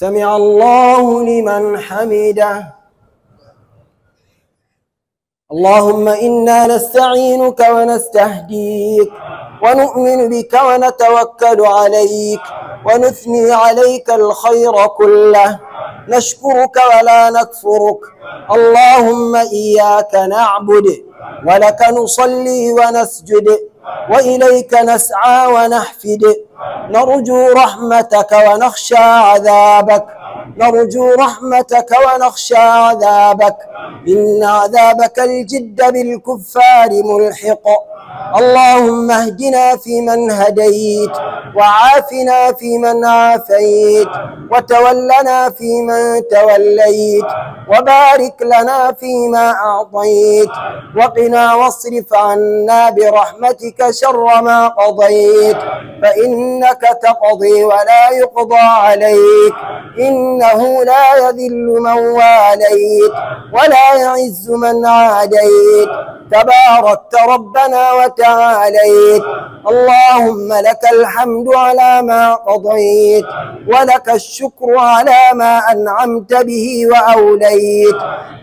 سمع الله لمن حمده اللهم إنا نستعينك ونستهديك ونؤمن بك ونتوكل عليك ونثني عليك الخير كله نشكرك ولا نكفرك اللهم إياك نعبد ولك نصلي ونسجد وإليك نسعى ونحفد نرجو رحمتك ونخشى عذابك نرجو رحمتك ونخشى عذابك إن عذابك الجد بالكفار ملحق اللهم اهدنا فيمن هديت وعافنا فيمن عافيت وتولنا فيمن توليت وبارك لنا فيما أعطيت وقنا واصرف عنا برحمتك شر ما قضيت فإنك تقضي ولا يقضى عليك إن إنه لا يذل من واليت ولا يعز من عاديت تباركت ربنا وتعاليت اللهم لك الحمد على ما قضيت ولك الشكر على ما أنعمت به وأوليت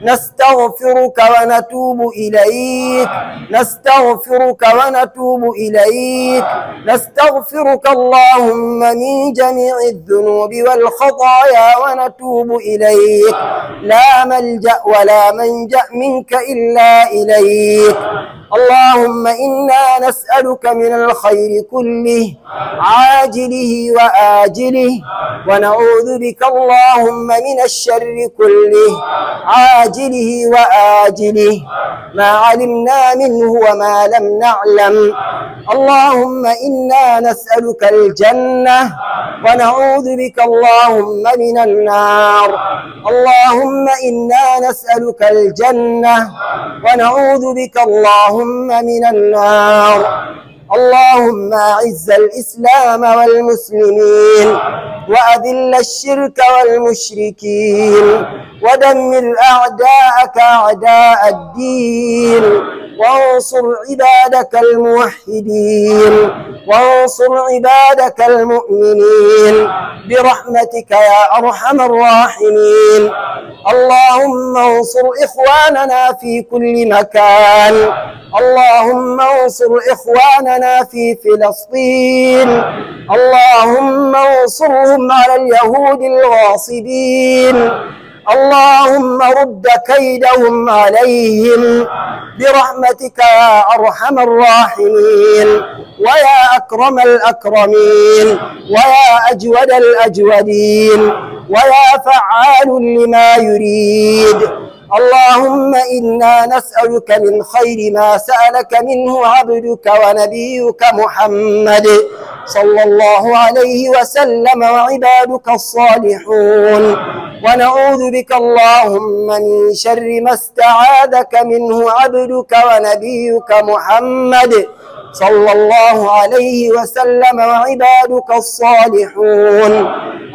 نستغفرك ونتوب إليك نستغفرك ونتوب إليك نستغفرك اللهم من جميع الذنوب والخطايا ونتوب إليك لا ملجأ ولا منجأ منك إلا إليك اللهم إنا نسألك من الخير كله عاجله وآجله ونعوذ بك اللهم من الشر كله عاجله وآجله ما علمنا منه وما لم نعلم اللهم إنا نسألك الجنة ونعوذ بك اللهم من النار اللهم إنا نسألك الجنة ونعوذ بك اللهم من النار اللهم أعز الإسلام والمسلمين وأذل الشرك والمشركين ودمر أعداءك أعداء الدين وانصر عبادك الموحدين وانصر عبادك المؤمنين برحمتك يا أرحم الراحمين اللهم انصر إخواننا في كل مكان اللهم انصر إخواننا في فلسطين اللهم انصرهم على اليهود الغاصبين اللهم رد كيدهم عليهم برحمتك يا أرحم الراحمين ويا أكرم الأكرمين ويا أجود الأجودين ويا فعال لما يريد اللهم إنا نسألك من خير ما سألك منه عبدك ونبيك محمد صلى الله عليه وسلم وعبادك الصالحون ونعوذ بك اللهم من شر ما استعاذك منه عبدك ونبيك محمد صلى الله عليه وسلم وعبادك الصالحون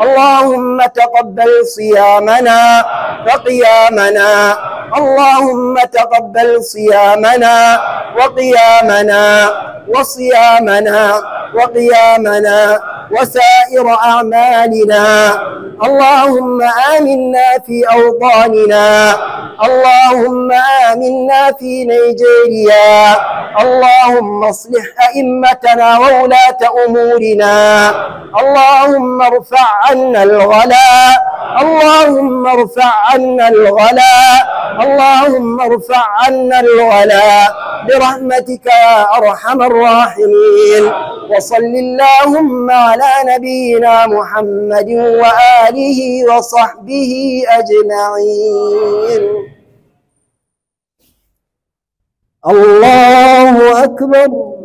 اللهم تقبل صيامنا وقيامنا اللهم تقبل صيامنا وقيامنا وصيامنا وقيامنا وسائر أعمالنا اللهم آمنا في أوطاننا اللهم آمنا في نيجيريا اللهم اصلح أئمتنا وولاة أمورنا اللهم ارفع عنا الغلاء اللهم ارفع عنا الغلاء اللهم ارفع عنا الغلاء برحمتك يا أرحم الراحمين وصل اللهم على نبينا محمد وآله وصحبه أجمعين الله أكبر